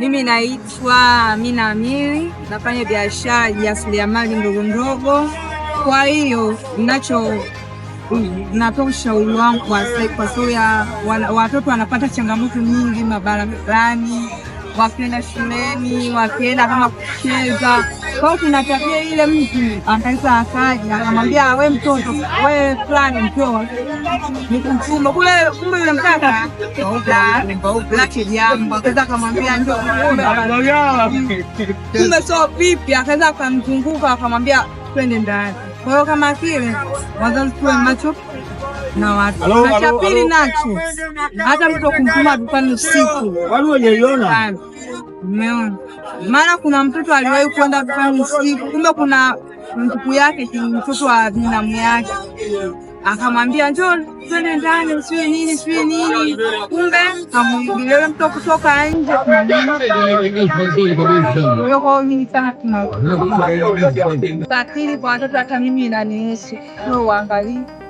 Mimi naitwa Amina Amiri, nafanya biashara jasiriamali ndogo ndogo. Kwa hiyo nacho natoa ushauri wangu kwa sababu ya watoto wanapata changamoto nyingi mabarabarani, wakienda shuleni, wakienda kama kucheza kwao, tunatakia ile mtu anaweza akaja anamwambia we mtoto we fulani mtoa mkuchuma kule, kumbe yule mkaka ah, la kijambo akaza akamwambia kumbe sio vipi, akaza akamzunguka akamwambia twende ndani. Kwa hiyo kama kile wazazi tuwe macho na watu, na cha pili nacho, hata mtu kumtuma dukani usiku, umeona yaani, maana kuna mtoto aliwahi kwenda dukani usiku, kumbe kuna mtuku yake mtoto wa binamu yake akamwambia njoo twende ndani, sijui nini sijui nini, kumbe kamwingiliwe mtu kutoka nje. Sakili kwa watoto, hata mimi inanihusu, uangalie